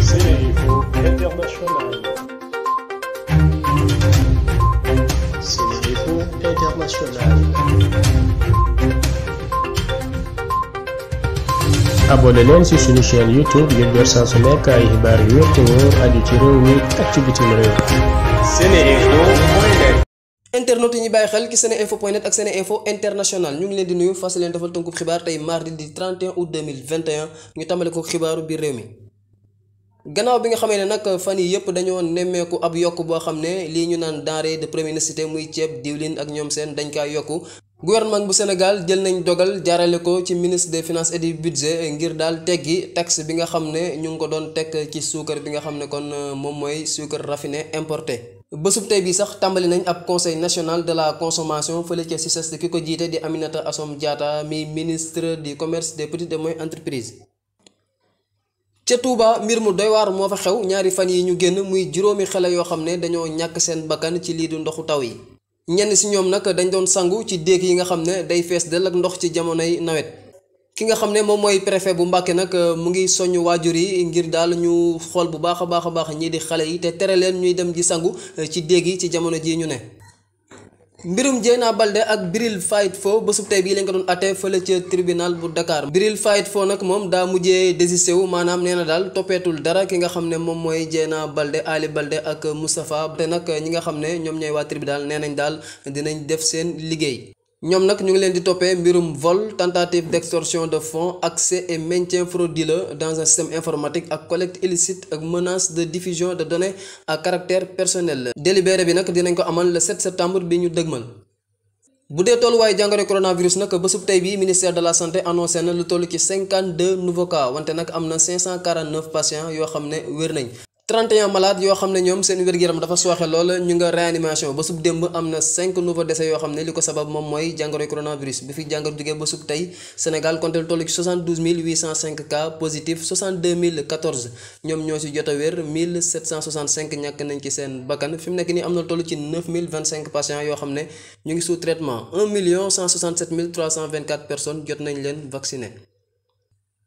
Sénéinfo International. Sénéinfo International. abonné leen ci suñu chaîne YouTube ngir jot saa su nekk ay yu wér te wóor aju ci réew mi internautes yi ñu bàyyi xel ci sene info point net ak sene info international ñu ngi leen di nuyu fas leen defal tënkub xibaar tey mardi di 31 août 2021 ñu tàmbale ko xibaaru biir réew mi gannaaw bi nga xamee ne nag fan yi yëpp dañoo nemmeeku ab yokk boo xam ne lii ñu naan denrée de première nécessité muy ceeb diwlin ak ñoom seen dañ kaa yokku gouvernement bu Sénégal jël nañ dogal jaarale ko ci ministre des finance et du budget ngir daal teggi taxe bi nga xam ne ñu ngi ko doon teg ci suukar bi nga xam ne kon moom mooy suukar raffiné importé bésub tey bii sax tàmbali nañ ab conseil national de la consommation fële ca CICES ki ko jiite di Aminata Assome Diatta mi ministre du commerce de petites et moyennes entreprises. ca Touba mbir mu doy moo fa xew ñaari fan yi ñu génn muy juróomi xale yoo xam ne dañoo ñàkk seen bakkan ci lii du ndoxu taw yi. ñenn si ñoom nag dañ doon sangu ci déeg yi nga xam ne day fees del ak ndox ci jamonoy nawet. ki nga xam ne moom mooy préfet bu Mbàkke nag euh, mu ngi soññ waajur yi ngir daal ñu xool bu baax a baax a baax ñii di xale yi te tere leen ñuy dem di sangu euh, ci déeg ci jamono jii ñu ne. mbirum Dieyna balde ak Bril Fight Fo bésub tey bii lañ ko doon atte fële ca tribunal bu dakaar biril Fight foo nag moom daa mujjee désisté wu maanaam nee na daal toppeetul dara ki nga xam ne moom mooy Dieyna Baldé Ali balde ak Moustapha te nag ñi nga xam ne ñoom ñooy waa tribunal nee nañ daal dinañ def seen liggéey. ñoom nag ñu ngi leen di toppee mbirum vol tentative d'extorsion de fonds accès et maintien frauduleux dans un système informatique ak collecte illicite ak menace de diffusion de données à caractère personnel. délibéré bi nag dinañ ko amal le 7 septembre bi ñu dëgmal. bu dee tolluwaayu jàngoro coronavirus nag bésub tey bii ministère de la santé annoncé na lu toll ci 52 nouveaux cas wante nag am na 549 patients yoo xam ne wér nañ. 31 malades yoo xam ne ñoom seen wér-gu-yaram dafa sooxe lool ñu nga réanimation ba sub démb am na 5 nouveaux décès yoo xam ne li ko sabab moom mooy jàngoroy coronavirus bi fi jàngoro jógee ba sub tey Sénégal compté lu toll ci cas positifs ñoom ñoo si jot a wér 1765 nañ ci seen bakkan fi mu nekk nii am na lu ci 9 yoo xam ne ñu ngi sous traitement 1 167 324 personnes jot nañ leen vacciné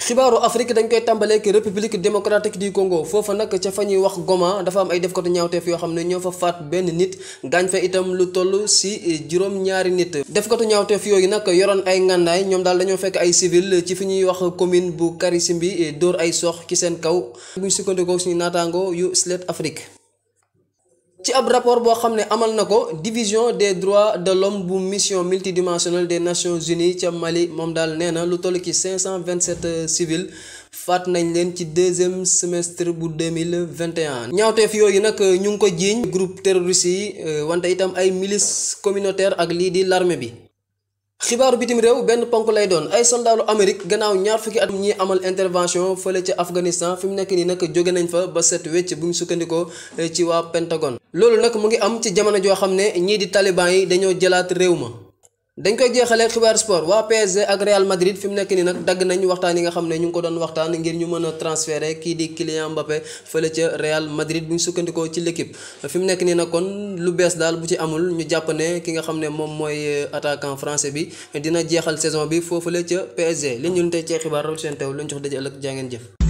xibaaru Afrique dañ koy tàmbalee tàmbaleek république démocratique du Congo foofa nag ca fa ñuy wax Goma dafa am ay def ko ñaawteef yoo xam ne ñoo fa faat benn nit gaañ fa itam lu toll si juróom-ñaari nit. def ko ñaawteef yooyu nag yoroon ay ngànnaay ñoom daal dañoo fekk ay civil ci fi ñuy wax commune bu simbi dóor ay sox ci seen kaw bu ñu sukkandikoo suñu naataango yu Slate Afrique. ci ab rapport boo xam ne amal na ko division des droits de l'homme bu mission multidimensionnelle des nations unies ca Mali moom daal neena lu toll ci 527 euh, civils faat nañ leen ci deuxième semestre bu 2021 ñaawteef yooyu nag euh, ñu ngi ko jiiñ groupe terroriste yi euh, wante itam ay milices communautaire ak lii di l'armée bi xibaaru bitim réew benn ponk lay doon ay soldaaru Amérique gannaaw ñaar fukki at ñi amal intervention fële ca Afghanistan fi mu nekk nii nag jóge nañ fa ba set wecc bu ñu sukkandikoo ci waa Pentagone loolu nag mu ngi am ci jamono joo xam ne ñii di taliban yi dañoo jëlaat réew ma dañ koy jeexalee xibaar sport waa PSG ak Real Madrid fi mu nekk nii nag dagg nañu waxtaan yi nga xam ne ñu ngi ko doon waxtaan ngir ñu mën a transférer kii di Kylian Mbappé fële ca Real Madrid bu ñu sukkandikoo ci l'équipe fi mu nekk nii nag kon lu bees daal bu ci amul ñu jàpp ne ki nga xam ne moom mooy attaquant français bi dina jeexal saison bi foofu la ca PSG li ñu tey ci xibaar rawal seen teew lañ jox daje ëllëg jaa